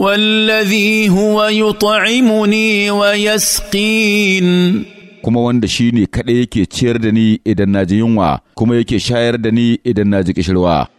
والذي هو يطعمني ويسقين kuma wanda shi ne kaɗai yake ciyar da ni idan na ji yunwa kuma yake shayar da ni idan na ji ƙishirwa